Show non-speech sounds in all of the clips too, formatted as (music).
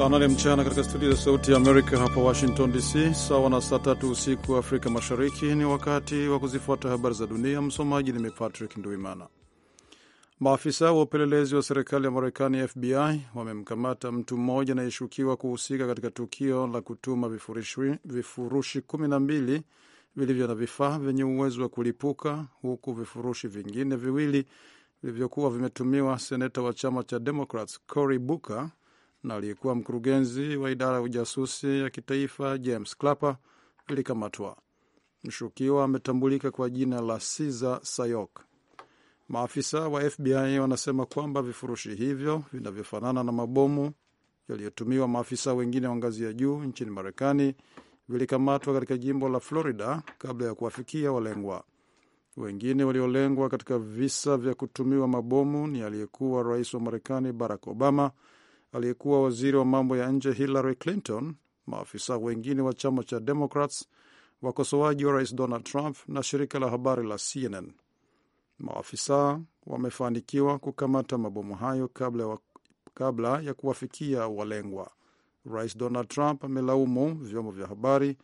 Saa nane mchana katika studio za Sauti ya Amerika hapa Washington DC, sawa na saa tatu usiku Afrika Mashariki. Ni wakati wa kuzifuata habari za dunia. Msomaji ni mimi Patrick Nduimana. Maafisa wa upelelezi wa serikali ya Marekani, FBI, wamemkamata mtu mmoja anayeshukiwa kuhusika katika tukio la kutuma vifurushi, kumi na mbili vilivyo na vifaa vyenye uwezo wa kulipuka huku vifurushi vingine viwili vilivyokuwa vimetumiwa seneta wa chama cha Democrats Cory Booker na aliyekuwa mkurugenzi wa idara ya ujasusi ya kitaifa James Clapper ilikamatwa. Mshukiwa ametambulika kwa jina la Siza Sayok. Maafisa wa FBI wanasema kwamba vifurushi hivyo vinavyofanana na mabomu yaliyotumiwa maafisa wengine wa ngazi ya juu nchini Marekani vilikamatwa katika jimbo la Florida kabla ya kuwafikia walengwa. Wengine waliolengwa katika visa vya kutumiwa mabomu ni aliyekuwa rais wa Marekani Barack Obama aliyekuwa waziri wa mambo ya nje Hillary Clinton, maafisa wengine wa chama cha Democrats, wakosoaji wa rais Donald Trump na shirika la habari la CNN. Maafisa wamefanikiwa kukamata mabomu hayo kabla, wa, kabla ya kuwafikia walengwa. Rais Donald Trump amelaumu vyombo vya habari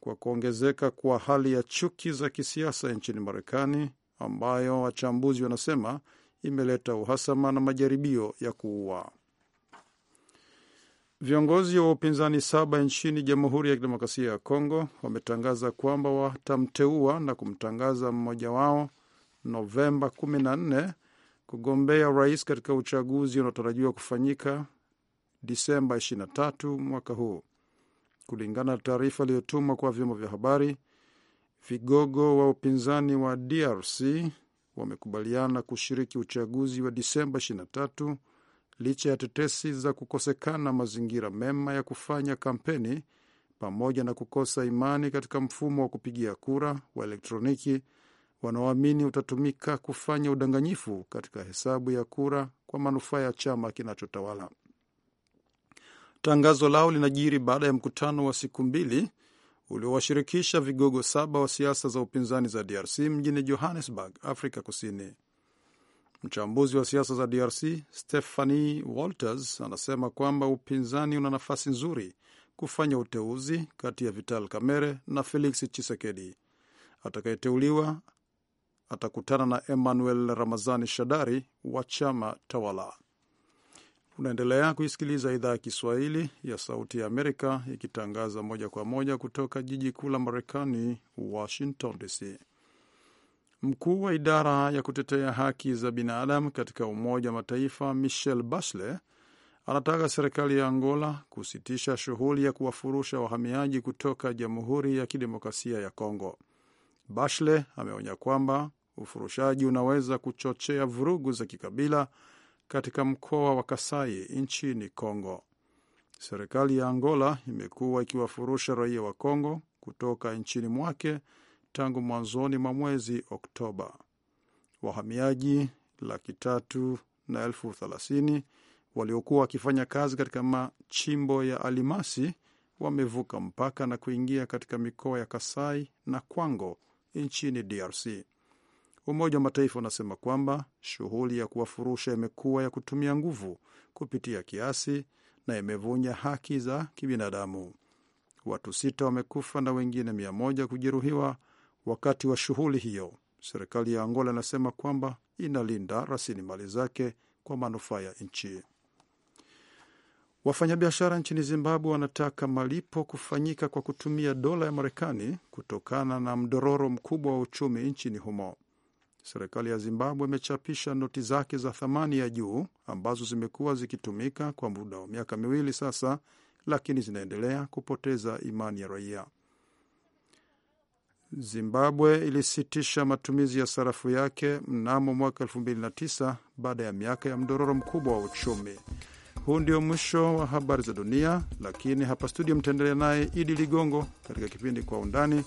kwa kuongezeka kwa hali ya chuki za kisiasa nchini Marekani, ambayo wachambuzi wanasema imeleta uhasama na majaribio ya kuua. Viongozi wa upinzani saba nchini Jamhuri ya Kidemokrasia ya Kongo wametangaza kwamba watamteua na kumtangaza mmoja wao Novemba 14 kugombea rais katika uchaguzi unaotarajiwa kufanyika Disemba 23 mwaka huu. Kulingana na taarifa iliyotumwa kwa vyombo vya habari, vigogo wa upinzani wa DRC wamekubaliana kushiriki uchaguzi wa Disemba 23 licha ya tetesi za kukosekana mazingira mema ya kufanya kampeni pamoja na kukosa imani katika mfumo wa kupigia kura wa elektroniki wanaoamini utatumika kufanya udanganyifu katika hesabu ya kura kwa manufaa ya chama kinachotawala. Tangazo lao linajiri baada ya mkutano wa siku mbili uliowashirikisha vigogo saba wa siasa za upinzani za DRC mjini Johannesburg, Afrika Kusini. Mchambuzi wa siasa za DRC Stephanie Walters anasema kwamba upinzani una nafasi nzuri kufanya uteuzi kati ya Vital Kamerhe na Felix Chisekedi. Atakayeteuliwa atakutana na Emmanuel Ramazani Shadari wa chama tawala. Unaendelea kuisikiliza idhaa ya Kiswahili ya Sauti ya Amerika ikitangaza moja kwa moja kutoka jiji kuu la Marekani, Washington DC. Mkuu wa idara ya kutetea haki za binadamu katika Umoja wa Mataifa michel Bachelet anataka serikali ya Angola kusitisha shughuli ya kuwafurusha wahamiaji kutoka Jamhuri ya Kidemokrasia ya Kongo. Bachelet ameonya kwamba ufurushaji unaweza kuchochea vurugu za kikabila katika mkoa wa Kasai nchini Kongo. Serikali ya Angola imekuwa ikiwafurusha raia wa Kongo kutoka nchini mwake tangu mwanzoni mwa mwezi Oktoba. Wahamiaji laki tatu na elfu thelathini waliokuwa wakifanya kazi katika machimbo ya alimasi wamevuka mpaka na kuingia katika mikoa ya Kasai na Kwango nchini DRC. Umoja wa Mataifa unasema kwamba shughuli ya kuwafurusha imekuwa ya kutumia nguvu kupitia kiasi na imevunja haki za kibinadamu. Watu sita wamekufa na wengine mia moja kujeruhiwa wakati wa shughuli hiyo. Serikali ya Angola inasema kwamba inalinda rasilimali zake kwa manufaa ya nchi. Wafanyabiashara nchini Zimbabwe wanataka malipo kufanyika kwa kutumia dola ya Marekani kutokana na mdororo mkubwa wa uchumi nchini humo. Serikali ya Zimbabwe imechapisha noti zake za thamani ya juu ambazo zimekuwa zikitumika kwa muda wa miaka miwili sasa, lakini zinaendelea kupoteza imani ya raia. Zimbabwe ilisitisha matumizi ya sarafu yake mnamo mwaka 2009 baada ya miaka ya mdororo mkubwa wa uchumi. Huu ndio mwisho wa habari za dunia, lakini hapa studio mtaendelea naye Idi Ligongo katika kipindi Kwa Undani.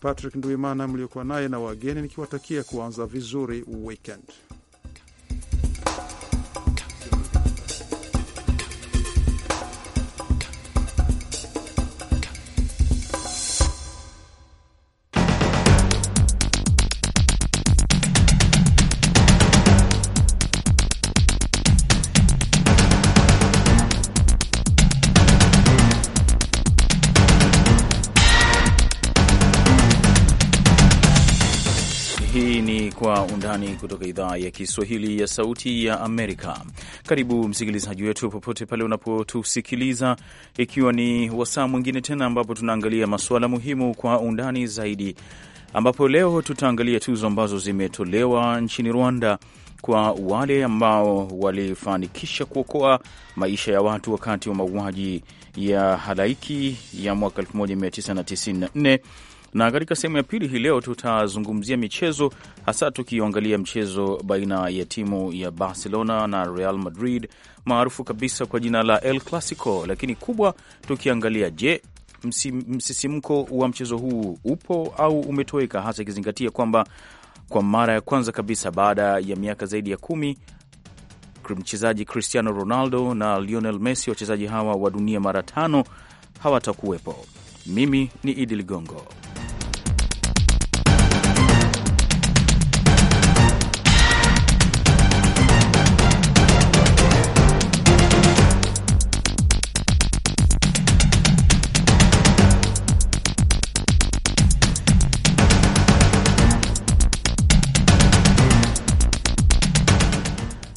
Patrick Nduimana mliokuwa naye na wageni nikiwatakia kuanza vizuri weekend. kutoka idhaa ya Kiswahili ya Sauti ya Amerika. Karibu msikilizaji wetu popote pale unapotusikiliza, ikiwa ni wasaa mwingine tena ambapo tunaangalia masuala muhimu kwa undani zaidi, ambapo leo tutaangalia tuzo ambazo zimetolewa nchini Rwanda kwa wale ambao walifanikisha kuokoa maisha ya watu wakati wa mauaji ya halaiki ya mwaka 1994 na katika sehemu ya pili hii leo tutazungumzia michezo, hasa tukiangalia mchezo baina ya timu ya Barcelona na Real Madrid maarufu kabisa kwa jina la El Clasico, lakini kubwa tukiangalia, je, msisimko wa mchezo huu upo au umetoweka, hasa ikizingatia kwamba kwa mara ya kwanza kabisa baada ya miaka zaidi ya kumi mchezaji Cristiano Ronaldo na Lionel Messi, wachezaji hawa wa dunia mara tano, hawatakuwepo. Mimi ni Idi Ligongo.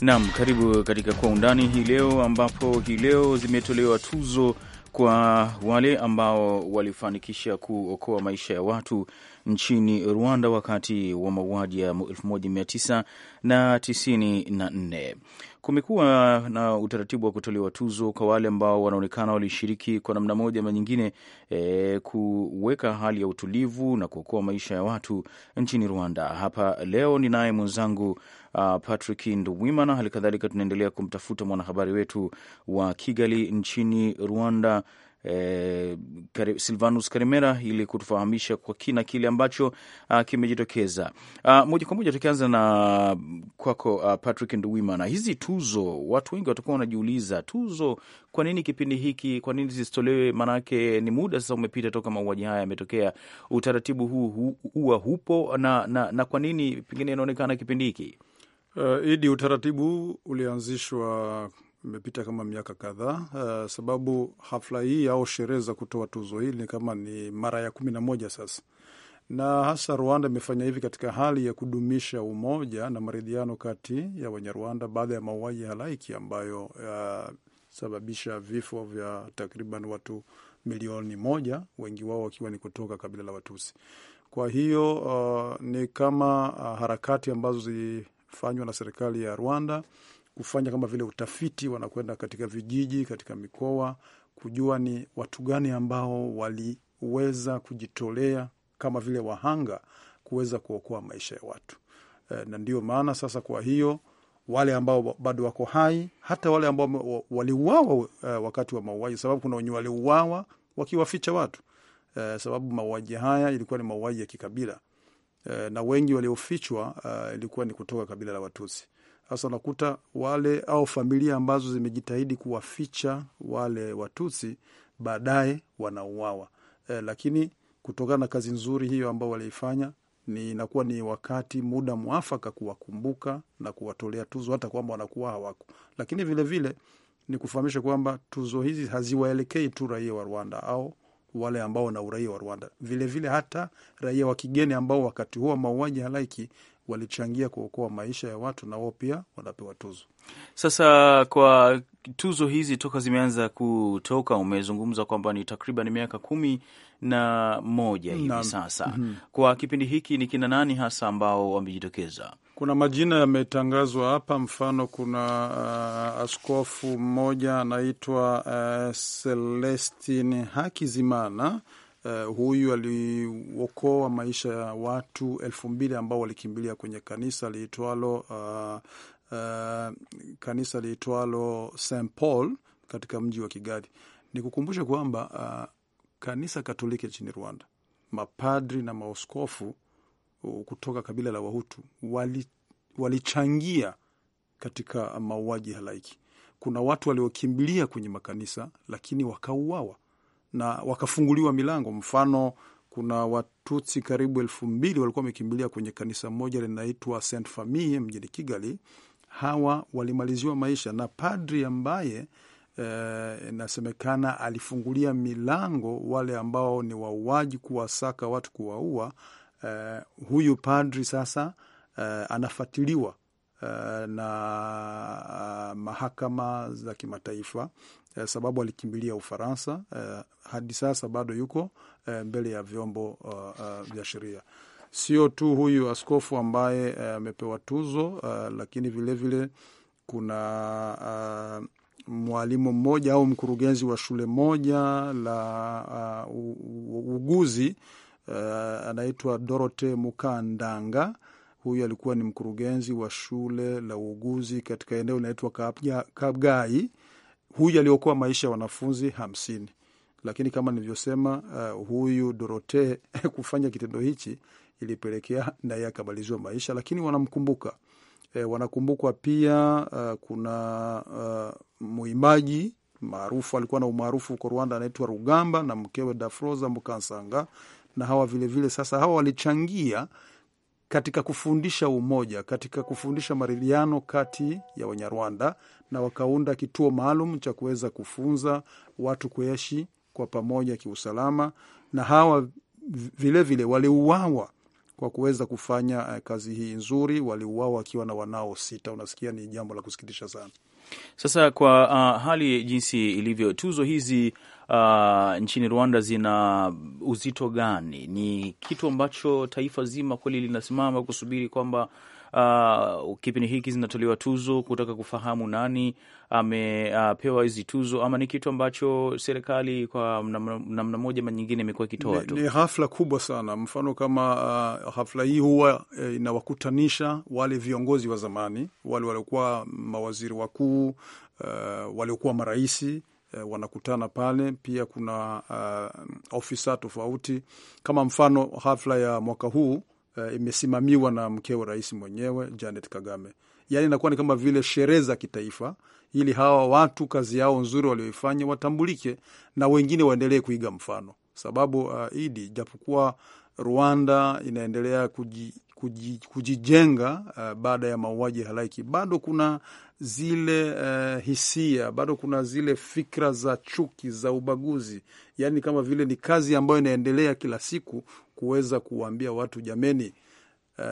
Naam, karibu katika Kwa Undani hii leo, ambapo hii leo zimetolewa tuzo kwa wale ambao walifanikisha kuokoa maisha ya watu nchini Rwanda wakati wa mauaji ya 1994. Kumekuwa na utaratibu wa kutolewa tuzo kwa wale ambao wanaonekana walishiriki kwa namna moja ama nyingine, e, kuweka hali ya utulivu na kuokoa maisha ya watu nchini Rwanda. Hapa leo ninaye mwenzangu uh, Patrick Nduwimana. Hali kadhalika tunaendelea kumtafuta mwanahabari wetu wa Kigali nchini Rwanda eh, Silvanus Karimera ili kutufahamisha kwa kina kile ambacho uh, kimejitokeza uh, moja kwa moja. Tukianza na kwako uh, Patrick Nduwimana, hizi tuzo, watu wengi watakuwa wanajiuliza tuzo, kwa nini kipindi hiki, kwa nini zisitolewe? Maanake ni muda sasa umepita toka mauaji haya yametokea, utaratibu huu huwa hupo na, na, na kwa nini pengine inaonekana kipindi hiki Uh, idi utaratibu ulianzishwa imepita kama miaka kadhaa. Uh, sababu hafla hii au sherehe za kutoa tuzo hii ni kama ni mara ya kumi na moja sasa, na hasa Rwanda imefanya hivi katika hali ya kudumisha umoja na maridhiano kati ya Wanyarwanda baada ya mauaji halaiki ambayo yasababisha eh, vifo vya takriban watu milioni moja, wengi wao wakiwa ni kutoka kabila la Watusi. Kwa hiyo uh, ni kama uh, harakati ambazo zi, kufanywa na serikali ya Rwanda kufanya kama vile utafiti, wanakwenda katika vijiji, katika mikoa kujua ni watu gani ambao waliweza kujitolea kama vile wahanga kuweza kuokoa maisha ya watu e, na ndio maana sasa, kwa hiyo wale ambao bado wako hai, hata wale ambao waliuawa eh, wakati wa mauaji, sababu kuna wenye waliuawa wakiwaficha watu e, sababu mauaji haya ilikuwa ni mauaji ya kikabila Eh, na wengi waliofichwa eh, ilikuwa ni kutoka kabila la Watusi. Sasa unakuta wale au familia ambazo zimejitahidi kuwaficha wale Watusi baadaye wanauawa. E, lakini kutokana na kazi nzuri hiyo ambao waliifanya ni inakuwa ni wakati muda mwafaka kuwakumbuka na kuwatolea tuzo, hata kwamba wanakuwa hawako. Lakini vilevile nikufahamisha ni kufahamisha kwamba tuzo hizi haziwaelekei tu raia wa Rwanda au wale ambao wana uraia wa Rwanda, vilevile vile hata raia wa kigeni ambao wakati huo mauaji halaiki walichangia kuokoa maisha ya watu, na wao pia wanapewa tuzo. Sasa kwa tuzo hizi toka zimeanza kutoka, umezungumza kwamba ni takriban miaka kumi na moja hivi sasa. mm -hmm. Kwa kipindi hiki ni kina nani hasa ambao wamejitokeza? Kuna majina yametangazwa hapa, mfano kuna uh, askofu mmoja anaitwa uh, Celestin Hakizimana Uh, huyu aliokoa maisha ya watu elfu mbili ambao walikimbilia kwenye kanisa liitwalo uh, uh, kanisa liitwalo St Paul katika mji wa Kigali. Nikukumbushe kwamba uh, kanisa Katoliki nchini Rwanda, mapadri na maoskofu uh, kutoka kabila la Wahutu walichangia wali katika mauaji halaiki. Kuna watu waliokimbilia kwenye makanisa lakini wakauawa na wakafunguliwa milango. Mfano, kuna Watutsi karibu elfu mbili walikuwa wamekimbilia kwenye kanisa moja linaitwa Saint Famille mjini Kigali. Hawa walimaliziwa maisha na padri ambaye eh, inasemekana e, alifungulia milango wale ambao ni wauaji, kuwasaka watu, kuwaua. E, huyu padri sasa e, eh, anafatiliwa e, na mahakama za kimataifa eh, sababu alikimbilia Ufaransa. Eh, hadi sasa bado yuko eh, mbele ya vyombo uh, uh, vya sheria. Sio tu huyu askofu ambaye eh, amepewa tuzo uh, lakini vilevile vile kuna uh, mwalimu mmoja au mkurugenzi wa shule moja la uh, uguzi uh, anaitwa Dorote Mukandanga Huyu alikuwa ni mkurugenzi wa shule la uuguzi katika eneo linaitwa Kabgai. Huyu aliokoa maisha ya wanafunzi hamsini, lakini kama nilivyosema, uh, huyu dorote (laughs) kufanya kitendo hichi ilipelekea naye akabaliziwa maisha, lakini wanamkumbuka e, wanakumbukwa pia. Uh, kuna uh, mwimbaji maarufu alikuwa na umaarufu huko Rwanda anaitwa Rugamba na mkewe Dafroza Mukansanga, na hawa vilevile vile, sasa hawa walichangia katika kufundisha umoja, katika kufundisha maridhiano kati ya Wanyarwanda, na wakaunda kituo maalum cha kuweza kufunza watu kuishi kwa pamoja kiusalama, na hawa vilevile waliuawa kwa kuweza kufanya eh, kazi hii nzuri, waliuawa wakiwa na wanao sita. Unasikia, ni jambo la kusikitisha sana. Sasa kwa uh, hali jinsi ilivyo, tuzo hizi uh, nchini Rwanda zina uzito gani? Ni kitu ambacho taifa zima kweli linasimama kusubiri kwamba uh, kipindi hiki zinatolewa tuzo, kutaka kufahamu nani amepewa uh, hizi tuzo, ama ni kitu ambacho serikali kwa namna moja ama nyingine imekuwa ikitoa tu? Ni hafla kubwa sana. Mfano kama uh, hafla hii huwa eh, inawakutanisha wale viongozi wa zamani, wale waliokuwa mawaziri wakuu, uh, waliokuwa maraisi Eh, wanakutana pale. Pia kuna uh, ofisa tofauti, kama mfano hafla ya mwaka huu uh, imesimamiwa na mkewe rais mwenyewe Janet Kagame. Yani inakuwa ni kama vile sherehe za kitaifa, ili hawa watu kazi yao nzuri walioifanya watambulike na wengine waendelee kuiga mfano, sababu uh, idi japokuwa Rwanda inaendelea kuji, kuji, kujijenga uh, baada ya mauaji halaiki, bado kuna zile uh, hisia bado kuna zile fikra za chuki za ubaguzi, yaani kama vile ni kazi ambayo inaendelea kila siku kuweza kuwaambia watu jameni, uh,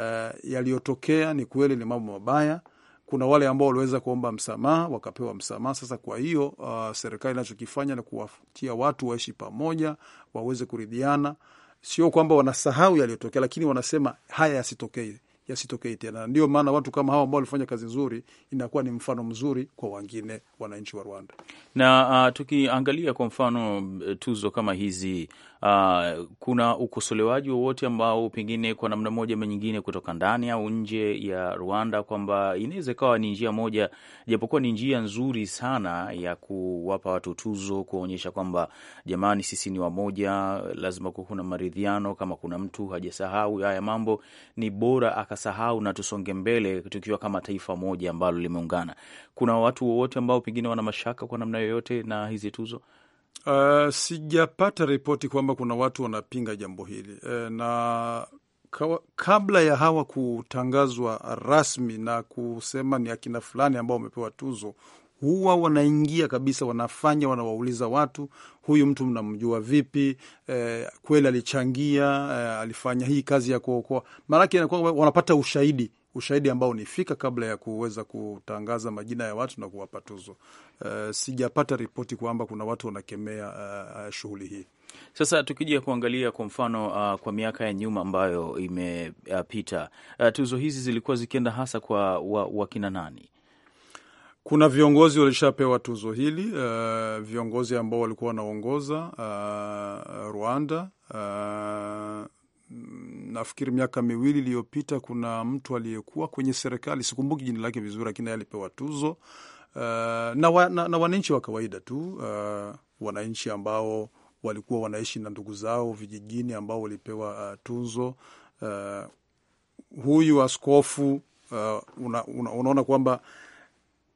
yaliyotokea ni kweli, ni mambo mabaya. Kuna wale ambao waliweza kuomba msamaha wakapewa msamaha. Sasa kwa hiyo uh, serikali inachokifanya ni kuwatia watu waishi pamoja, waweze kuridhiana, sio kwamba wanasahau yaliyotokea, lakini wanasema haya yasitokee yasitokee tena. Ndio maana watu kama hawa ambao walifanya kazi nzuri inakuwa ni mfano mzuri kwa wengine, wananchi wa Rwanda. Na uh, tukiangalia kwa mfano eh, tuzo kama hizi uh, kuna ukosolewaji wowote ambao pengine kwa namna moja ama nyingine kutoka ndani au nje ya Rwanda kwamba inaweza ikawa ni njia moja, japokuwa ni njia nzuri sana ya kuwapa watu tuzo, kuonyesha kwamba jamani, sisi ni wamoja, lazima kuwa kuna maridhiano. Kama kuna mtu hajasahau haya mambo, ni bora akasahau na tusonge mbele tukiwa kama taifa moja ambalo limeungana. Kuna watu wowote ambao pengine wana mashaka kwa namna yoyote na hizi tuzo? Uh, sijapata ripoti kwamba kuna watu wanapinga jambo hili uh, na kabla ya hawa kutangazwa rasmi na kusema ni akina fulani ambao wamepewa tuzo, huwa wanaingia kabisa, wanafanya wanawauliza watu, huyu mtu mnamjua vipi? E, kweli alichangia? E, alifanya hii kazi ya kuokoa? Maanake wanakuwa wanapata ushahidi ushahidi ambao nifika kabla ya kuweza kutangaza majina ya watu na kuwapa tuzo. Uh, sijapata ripoti kwamba kuna watu wanakemea uh, shughuli hii. Sasa tukija kuangalia kwa mfano uh, kwa miaka ya nyuma ambayo imepita uh, uh, tuzo hizi zilikuwa zikienda hasa kwa wakina wa nani? Kuna viongozi walishapewa tuzo hili uh, viongozi ambao walikuwa wanaongoza uh, Rwanda uh, nafikiri miaka miwili iliyopita, kuna mtu aliyekuwa kwenye serikali, sikumbuki jina lake vizuri, lakini alipewa tuzo uh, na, wa, na, na wananchi wa kawaida tu uh, wananchi ambao walikuwa wanaishi na ndugu zao vijijini ambao walipewa uh, tuzo uh, huyu askofu uh, una, una, unaona kwamba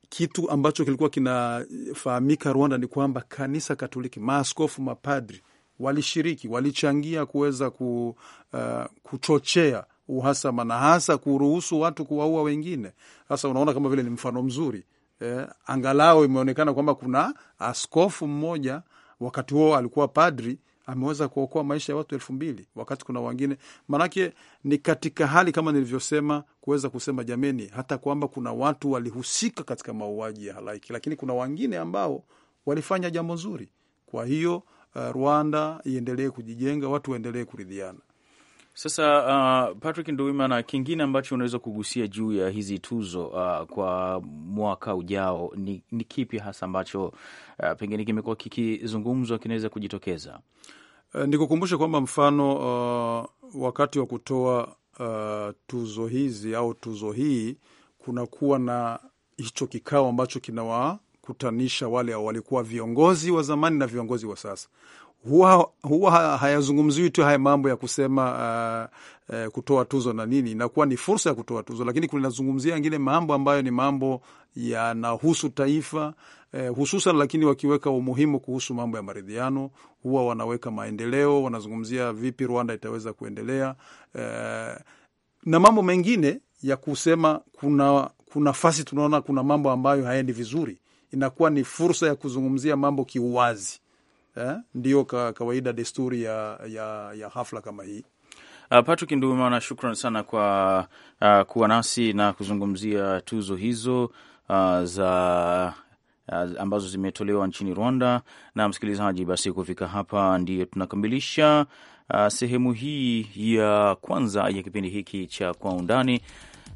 kitu ambacho kilikuwa kinafahamika Rwanda ni kwamba kanisa Katoliki, maaskofu, mapadri walishiriki, walichangia kuweza ku, uh, kuchochea uhasama na hasa kuruhusu watu kuwaua wengine. Sasa unaona kama vile ni mfano mzuri eh, angalau imeonekana kwamba kuna askofu mmoja wakati huo alikuwa padri ameweza kuokoa maisha ya watu elfu mbili wakati kuna wengine. Maanake ni katika hali kama nilivyosema, kuweza kusema jameni, hata kwamba kuna watu walihusika katika mauaji ya halaiki, lakini kuna wengine ambao walifanya jambo zuri. Kwa hiyo uh, Rwanda iendelee kujijenga, watu waendelee kuridhiana. Sasa uh, Patrick Nduwimana, kingine ambacho unaweza kugusia juu ya hizi tuzo uh, kwa mwaka ujao ni, ni kipi hasa ambacho uh, pengine kimekuwa kikizungumzwa kinaweza kujitokeza? Uh, nikukumbushe kwamba mfano uh, wakati wa kutoa uh, tuzo hizi au tuzo hii kunakuwa na hicho kikao ambacho kinawa kukutanisha wale walikuwa viongozi wa zamani na viongozi wa sasa. Huwa, huwa hayazungumziwi tu haya mambo ya kusema uh, uh, kutoa tuzo na nini, inakuwa ni fursa ya kutoa tuzo, lakini kunazungumzia ingine mambo ambayo ni mambo yanahusu taifa uh, hususan, lakini wakiweka umuhimu kuhusu mambo ya maridhiano, huwa wanaweka maendeleo, wanazungumzia vipi Rwanda itaweza kuendelea uh, na mambo mengine ya kusema kuna, kuna fasi tunaona kuna mambo ambayo haendi vizuri inakuwa ni fursa ya kuzungumzia mambo kiuwazi eh? Ndiyo ka, kawaida desturi ya, ya, ya hafla kama hii. Ah, Patrick Nduwimana, shukran sana kwa uh, kuwa nasi na kuzungumzia tuzo hizo uh, za uh, ambazo zimetolewa nchini Rwanda. Na msikilizaji, basi kufika hapa ndiyo tunakamilisha uh, sehemu hii ya kwanza ya kipindi hiki cha Kwa Undani.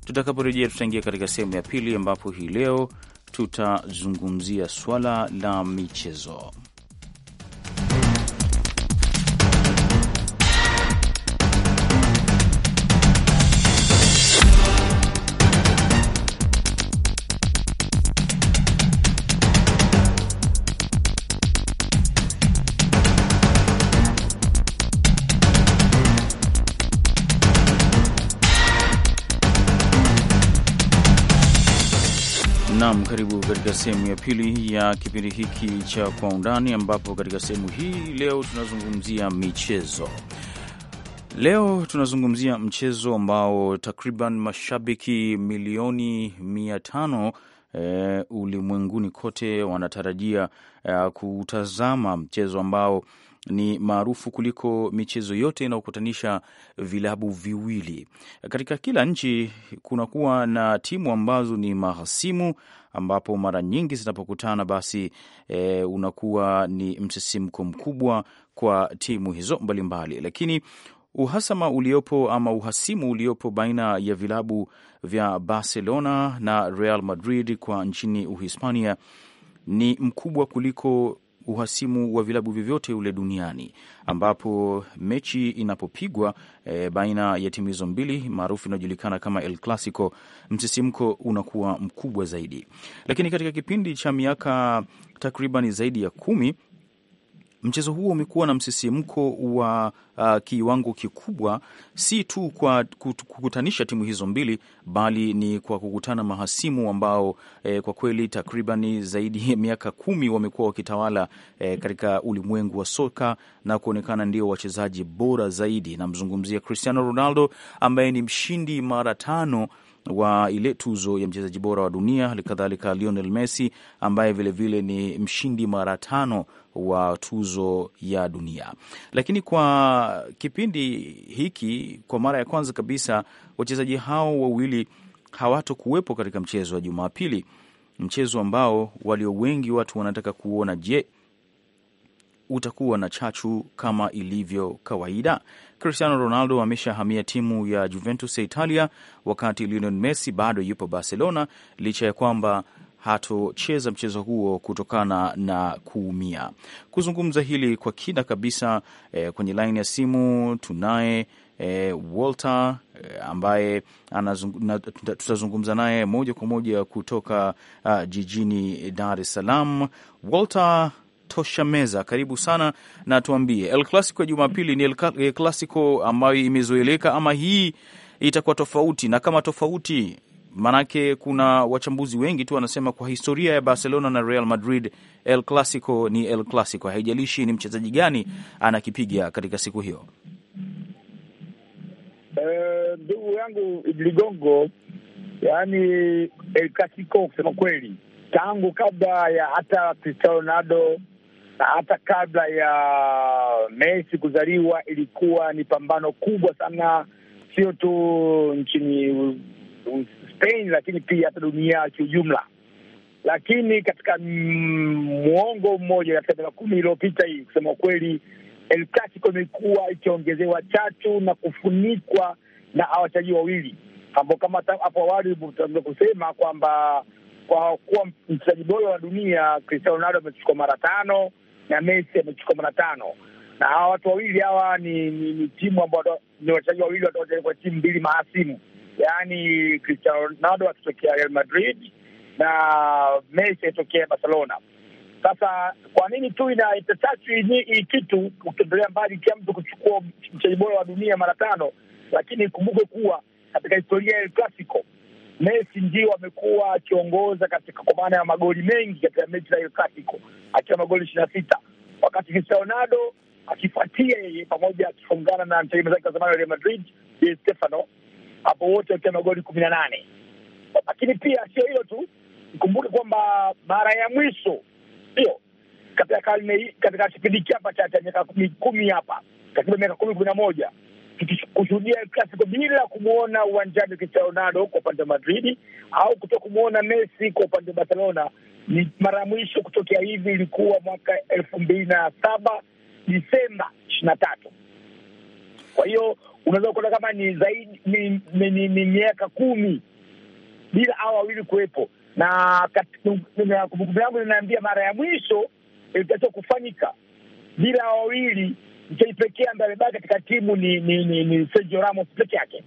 Tutakaporejea tutaingia katika sehemu ya pili ambapo hii leo tutazungumzia swala la michezo. Naam, karibu katika sehemu ya pili ya kipindi hiki cha Kwa Undani, ambapo katika sehemu hii leo tunazungumzia michezo. Leo tunazungumzia mchezo ambao takriban mashabiki milioni mia tano e, ulimwenguni kote wanatarajia e, eh, kutazama mchezo ambao ni maarufu kuliko michezo yote inayokutanisha vilabu viwili. Katika kila nchi kunakuwa na timu ambazo ni mahasimu, ambapo mara nyingi zinapokutana basi e, unakuwa ni msisimko mkubwa kwa timu hizo mbalimbali, lakini uhasama uliopo ama uhasimu uliopo baina ya vilabu vya Barcelona na Real Madrid kwa nchini Uhispania ni mkubwa kuliko uhasimu wa vilabu vyovyote ule duniani ambapo mechi inapopigwa e, baina ya timu hizo mbili maarufu inayojulikana kama El Clasico, msisimko unakuwa mkubwa zaidi. Lakini katika kipindi cha miaka takriban zaidi ya kumi mchezo huo umekuwa na msisimko wa uh, kiwango kikubwa, si tu kwa kukutanisha timu hizo mbili, bali ni kwa kukutana mahasimu ambao eh, kwa kweli takribani zaidi ya miaka kumi wamekuwa wakitawala eh, katika ulimwengu wa soka na kuonekana ndio wachezaji bora zaidi. Namzungumzia Cristiano Ronaldo ambaye ni mshindi mara tano wa ile tuzo ya mchezaji bora wa dunia, halikadhalika Lionel Messi ambaye vilevile vile ni mshindi mara tano wa tuzo ya dunia. Lakini kwa kipindi hiki, kwa mara ya kwanza kabisa, wachezaji hao wawili hawatokuwepo katika mchezo wa Jumapili, mchezo ambao walio wengi watu wanataka kuona, je, utakuwa na chachu kama ilivyo kawaida. Cristiano Ronaldo ameshahamia timu ya Juventus ya Italia, wakati Lionel Messi bado yupo Barcelona, licha ya kwamba hatocheza mchezo huo kutokana na kuumia. Kuzungumza hili kwa kina kabisa, eh, kwenye laini ya simu tunaye eh, Walter eh, ambaye tutazungumza naye moja kwa moja kutoka uh, jijini Dar es Salaam. Walter tosha meza karibu sana na tuambie, El Clasico ya Jumapili ni El Clasico ambayo imezoeleka ama hii itakuwa tofauti? Na kama tofauti, maanake kuna wachambuzi wengi tu wanasema kwa historia ya Barcelona na Real Madrid, El Clasico ni El Clasico, haijalishi ni mchezaji gani anakipiga katika siku hiyo. Eh, ndugu uh, yangu Ligongo, yani El Clasico kusema kweli tangu kabla ya hata Cristiano Ronaldo na hata kabla ya Messi kuzaliwa ilikuwa ni pambano kubwa sana, sio tu nchini Spain, lakini pia hata dunia kiujumla. Lakini katika mwongo mmoja, katika miaka kumi iliyopita hii, kusema kweli, El Clasico imekuwa ikiongezewa chachu na kufunikwa na awachaji wawili ambao kama hapo awali tunaweza kusema kwamba kwa kuwa mchezaji bora wa dunia Cristiano Ronaldo amechukua mara tano na Messi amechukua mara tano na hawa watu wawili hawa ni, ni, ni timu ambao ni wachezaji wawili watoka kwa timu mbili mahasimu, yaani Cristiano Ronaldo akitokea Real Madrid na Messi akitokea Barcelona. Sasa kwa nini tu ina itatatu hii kitu ukiendelea mbali kia mtu kuchukua mchezaji bora wa dunia mara tano, lakini ikumbuke kuwa katika historia ya El Clasico Messi ndio amekuwa akiongoza katika kwa maana ya magoli mengi katika mechi za El Clasico akiwa magoli ishirini na sita wakati Cristiano akifuatia yeye pamoja akifungana na mchezaji wake wa zamani wa Real Madrid Di Stefano, hapo wote wakiwa magoli kumi na nane. Lakini pia sio hilo tu, nikumbuke kwamba mara ya mwisho sio katika karne katika kipindi hiki hapa cha miaka kumi hapa takriban miaka kumi kumi na moja tukishuhudia klasiko bila kumwona uwanjani Cristiano Ronaldo kwa upande wa Madridi au kuto kumwona Messi kwa upande wa Barcelona. Ni mara ya mwisho kutokea hivi ilikuwa mwaka elfu mbili na saba Disemba ishirini na tatu. Kwa hiyo unaweza kuona kama ni zaidi ni, ni, ni, ni miaka kumi bila hao wawili kuwepo, na kumbukumbu yangu linaambia mara ya mwisho ilitakiwa kufanyika bila hao wawili mchezaji pekee ambaye amebaki katika timu ni ni, ni, ni Sergio Ramos peke yake,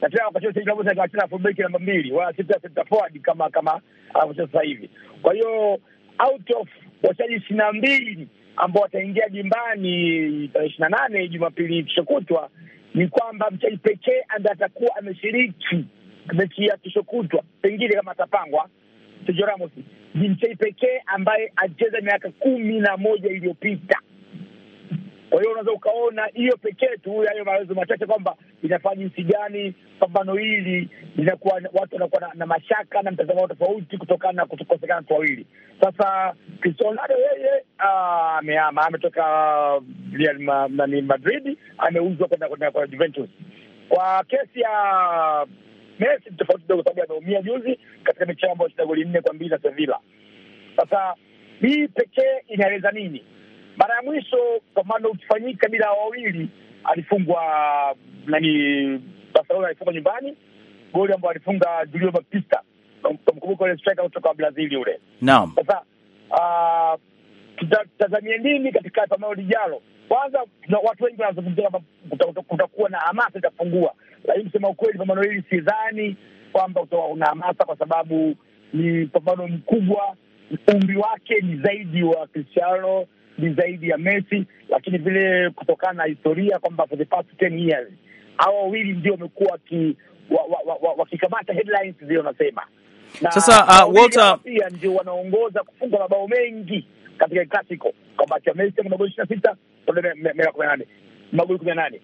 na tena wakati Sergio Ramos akawachana fullback namba mbili wala sita sita forward kama kama anavyocheza sasa hivi. Kwa hiyo out of wachezaji ishirini na mbili ambao wataingia jimbani tarehe ishirini na nane Jumapili kishokutwa ni kwamba mchezaji pekee ambaye atakuwa ameshiriki mechi ya kishokutwa pengine kama atapangwa, Sergio Ramos ni mchezaji pekee ambaye alicheza miaka kumi na moja iliyopita. Kwa hiyo unaweza ukaona hiyo pekee tu, hayo maelezo machache kwamba inafanya jinsi gani pambano hili linakuwa, watu wanakuwa na, na mashaka na mtazamo tofauti kutokana na kukosekana watu wawili. Sasa Cristiano Ronaldo yeye ah, amehama, ametoka Real Madrid, ameuzwa kwenda kwa Juventus. Kwa kesi ya Messi ni tofauti kidogo, sababu ameumia juzi katika michezo ambayo alishinda goli nne kwa mbili na Sevilla. Sasa hii pekee inaeleza nini? Mara ya mwisho kwa maana ukifanyika bila wawili, alifungwa nani, Barcelona alifungwa nyumbani goli ambayo alifunga Julio Baptista, kumkumbuka ule striker kutoka Brazil yule. Naam, sasa ah, uh, tutazamia nini katika pambano lijalo? Kwanza watu wengi wanazungumzia kwamba kutakuwa na hamasa itapungua, lakini kusema ukweli, pambano hili sidhani kwamba una hamasa, kwa sababu ni pambano mkubwa, umri wake ni zaidi wa Cristiano ni zaidi ya Messi, lakini vile kutokana na historia kwamba for the past 10 years hawa wawili ndio wamekuwa wakikamata wa, wa, wa, wa headlines zile wanasema na sasa uh, Walter pia ndio wanaongoza kufunga mabao mengi katika klasiko kwamba Messi ana mabao ishirini na sita Ronaldo kumi na nane magoli kumi na nane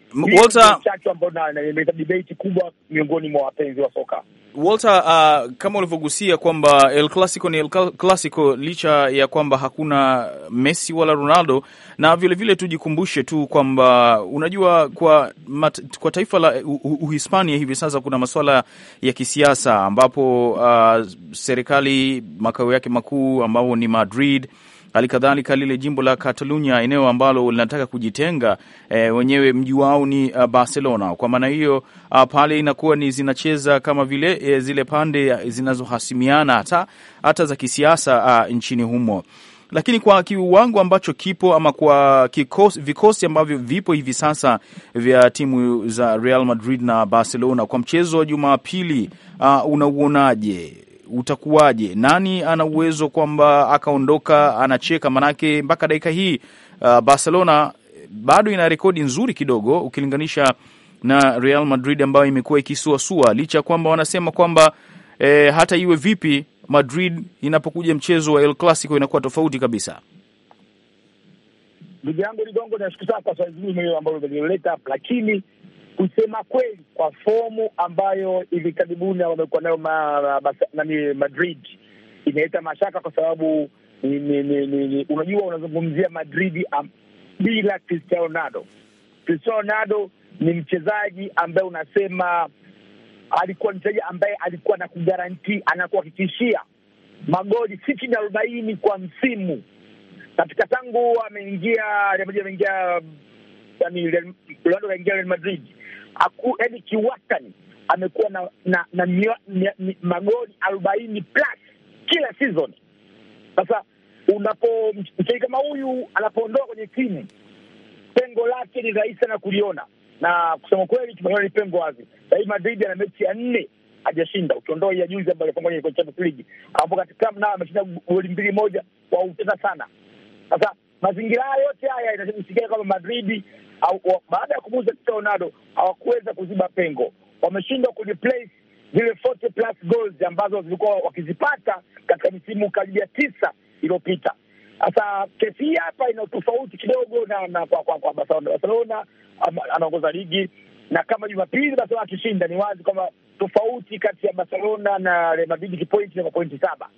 chachu ambayo imeleta debate kubwa miongoni mwa wapenzi wa soka. Walter, uh, kama ulivyogusia kwamba El Clasico ni El Clasico licha ya kwamba hakuna Messi wala Ronaldo, na vilevile tujikumbushe tu kwamba unajua kwa, mat, kwa taifa la Uhispania hivi sasa kuna masuala ya kisiasa ambapo uh, serikali makao yake makuu ambao ni Madrid hali kadhalika lile jimbo la Catalunya, eneo ambalo linataka kujitenga e, wenyewe mji wao ni uh, Barcelona. Kwa maana hiyo uh, pale inakuwa ni zinacheza kama vile e, zile pande zinazohasimiana hata hata za kisiasa uh, nchini humo lakini kwa kiwango ambacho kipo ama kwa kikosi, vikosi ambavyo vipo hivi sasa vya timu za Real Madrid na Barcelona kwa mchezo wa Jumapili uh, unauonaje? utakuwaje? Nani ana uwezo kwamba akaondoka anacheka? Manake mpaka dakika hii uh, Barcelona bado ina rekodi nzuri kidogo ukilinganisha na Real Madrid ambayo imekuwa ikisuasua, licha ya kwamba wanasema kwamba e, hata iwe vipi Madrid inapokuja mchezo wa El Clasico inakuwa tofauti kabisa. Ndugu yangu Ligongo, nashukuru sana kwa swali zuri ambalo umelileta, lakini kusema kweli, kwa fomu ambayo hivi karibuni wamekuwa nayo nani Madrid imeleta mashaka, kwa sababu ni, ni, ni, ni, unajua unazungumzia Madrid am, bila Cristiano Ronaldo. Cristiano Ronaldo ni mchezaji ambaye unasema alikuwa mchezaji ambaye alikuwa na kugaranti, anakuhakikishia magoli si chini ya arobaini kwa msimu katika tangu ameingia ameingia Ronaldo kaingia Real Madrid yaani kiwastani amekuwa na na, na mio, mia, mia, magoli arobaini plus kila season. Sasa unapo mchezaji kama huyu anapoondoka kwenye timu, pengo lake ni rahisi sana kuliona, na kusema kweli tumeona ni pengo wazi. Sahii Madrid ana mechi ya nne hajashinda, ukiondoa ya juzi ambayo alifungwa kwenye Champions League, ambapo katika nao ameshinda goli mbili moja kwa utesa sana. Sasa Mazingira haya yote haya inasikia kwamba Madridi baada ya kumuuza Ronaldo hawakuweza kuziba pengo, wameshindwa kureplace zile 40 plus goals ambazo zilikuwa wakizipata katika misimu karibia tisa iliyopita. Sasa kesi hii hapa ina tofauti kidogo na, na kwa, kwa, kwa Barcelona. Barcelona anaongoza ligi na kama Jumapili Barcelona akishinda, ni wazi kwamba tofauti kati ya Barcelona na Real Madrid kipointi na kwa pointi saba,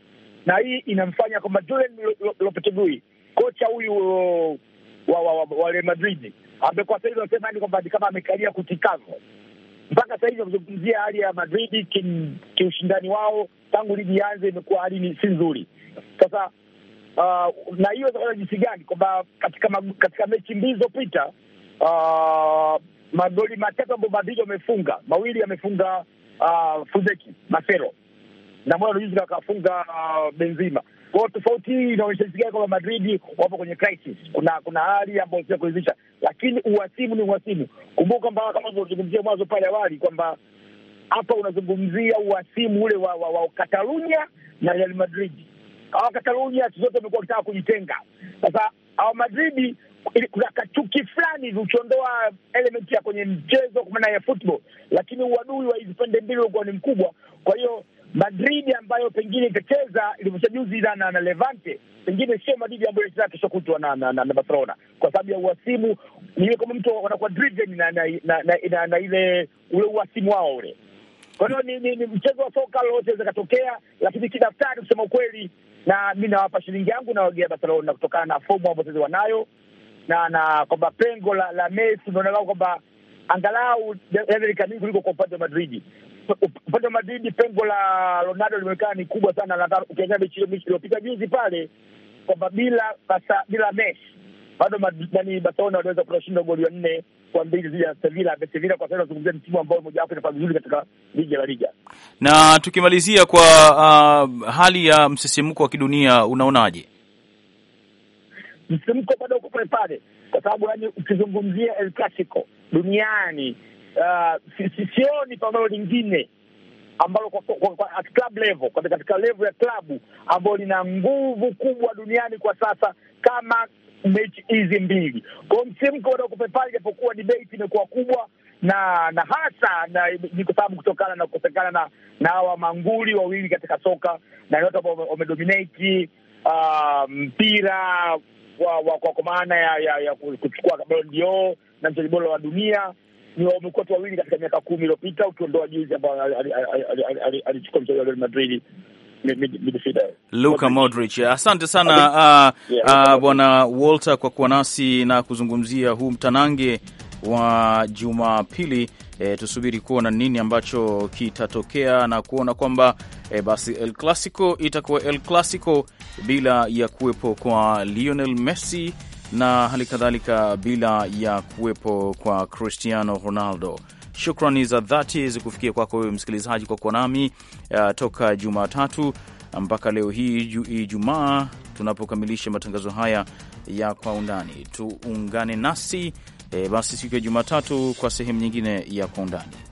na hii inamfanya kwamba Julen Lopetegui kocha huyu uh, wa wa, wa, wa Real Madrid amekuwa sasa hivi anasema kwamba kama amekalia kutikazwa mpaka sasa hivi wakizungumzia hali ya Madrid kiushindani ki wao tangu ligi ianze imekuwa hali si nzuri. Sasa uh, na hiyo itakuwa jinsi gani kwamba katika mag, katika mechi mbili zilizopita uh, magoli matatu ambayo Madrid wamefunga, mawili yamefunga uh, Fuzeki Marcelo na moja juzi akafunga uh, Benzema kwao. Tofauti hii inaonyesha jinsi gani kwamba Madrid wapo kwenye crisis. Kuna kuna hali ambayo sio kuridhisha, lakini uhasimu ni uhasimu. Kumbuka kwamba kama ulivyozungumzia mwanzo pale awali kwamba hapa unazungumzia uhasimu ule wa, wa, wa Katalunya na Real Madrid. Hawa Katalunya siku zote wamekuwa wakitaka kujitenga. Sasa hawa Madrid kuna kachuki fulani viliondoa element ya kwenye mchezo kwa maana ya football, lakini uadui wa hizi pande mbili ulikuwa ni mkubwa. Kwa hiyo Madrid ambayo pengine itacheza ilivyocheza juzi na, na, na Levante pengine sio Madrid ambayo itacheza kesho kutwa na, na, na, na Barcelona kwa sababu ya uhasimu. Niwe kama mtu wanakuwa driven na, na, na, na, na, na ile ule uhasimu wao ule. Kwa hiyo ni, ni, ni mchezo wa soka lolote inaweza ikatokea, lakini kidaftari, kusema ukweli, na mi nawapa shilingi yangu nawagea Barcelona kutokana na fomu ambao sasa wanayo na na kwamba pengo la, la Messi unaonekana kwamba angalau kuliko kwa upande wa Madridi upande wa Madrid pengo la Ronaldo limeonekana ni kubwa sana, na ukiangalia mechi iliyopita juzi pale kwamba bila basa, bila Messi bado nani Barcelona waliweza kutashinda goli ya nne kwa mbili dhidi ya Sevilla. Sevilla kwa sasa inazungumzia timu ambayo mojawapo inafanya vizuri katika ligi ya La Liga. Na tukimalizia kwa uh, hali ya msisimko wa kidunia unaonaje? Msisimko bado uko pale pale, kwa sababu yani ukizungumzia El Clasico duniani sioni pambano lingine ambalo kwa, kwa, kwa, at club level katika level ya klabu ambayo lina nguvu kubwa duniani kwa sasa kama mechi hizi mbili. kwao, msimko unaokupa pale, japokuwa debate imekuwa kubwa na na hasa na, ni kwa sababu kutokana na kukosekana na na hawa manguli wawili katika soka na ni watu ambao wamedominate ah, mpira um, kwa maana ya, ya, ya kuchukua Ballon d'Or na mchezaji bora wa dunia ni waomekoto wawili katika miaka kumi iliyopita, ukiondoa juzi ambayo alichukua mchezaji wa Real Madrid Luka Modric. Asante sana uh, uh, bwana Walter kwa kuwa nasi na kuzungumzia huu mtanange wa Jumapili. E, tusubiri kuona nini ambacho kitatokea na kuona kwamba e, basi El Clasico itakuwa El Clasico bila ya kuwepo kwa Lionel Messi na hali kadhalika bila ya kuwepo kwa Cristiano Ronaldo. Shukrani za dhati zikufikia kwako wewe msikilizaji kwa kuwa nami uh, toka Jumatatu mpaka leo hii Ijumaa tunapokamilisha matangazo haya ya kwa undani. Tuungane nasi e, basi siku ya Jumatatu kwa sehemu nyingine ya kwa undani.